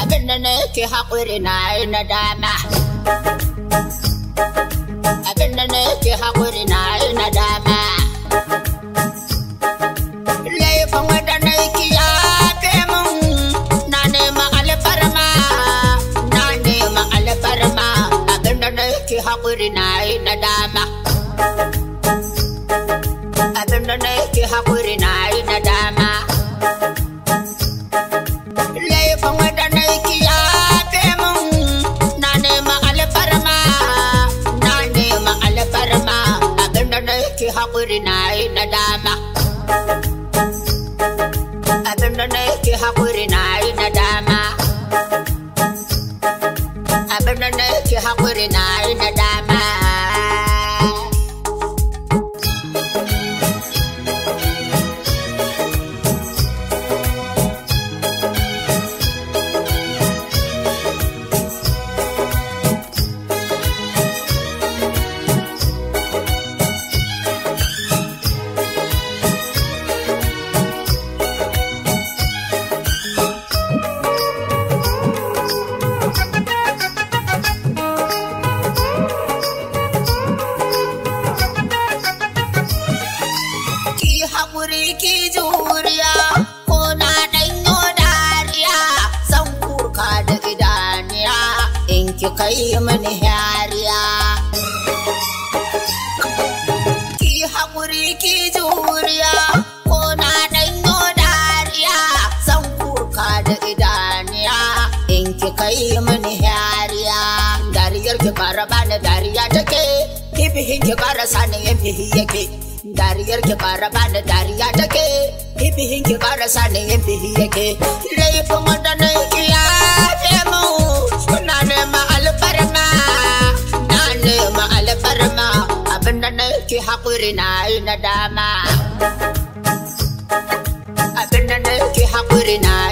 Abin da na yake haƙuri na yi na dama. Abin da na yake haƙuri na yi na dama. Laifin na yi na nema alfarma, na nema alfarma. Abin na yake na dama. Abin da na yake ci haƙuri na yi nadama. Abin da na ci haƙuri na yi nadama. Abin da na ci haƙuri na yi haƙuri ki juriya ko na ɗanyo dariya zan kuka da idaniya in ki kai mini yariya. Ki haƙuri ki juriya ko na ɗanyo dariya zan kuka da idaniya in ki kai mini yariya. Dariyar ki bara bani dariya take, ki fihin ki bara sani yin fihi yake. Dari ki ke bada dariya take ibihin ki bara sanin ibihi yake laifin wanda na iya yi yafe mu na nema alfarma na nema alfarma abinda na ki haƙuri na yi nadama abinda na ki haƙuri na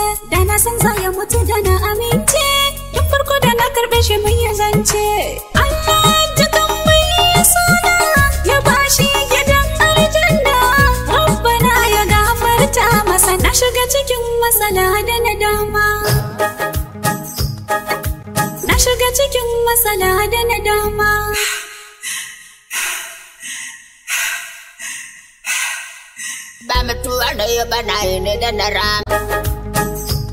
na san za ya mutu da na amince tun farko da na karbe shi mun yi zance Allah dukan mai ya sana ya bashi gidan aljanna rabbana ya gafarta masa na shiga cikin matsala da nadama na shiga cikin matsala da nadama ba mutuwa da ya bana ne da na rama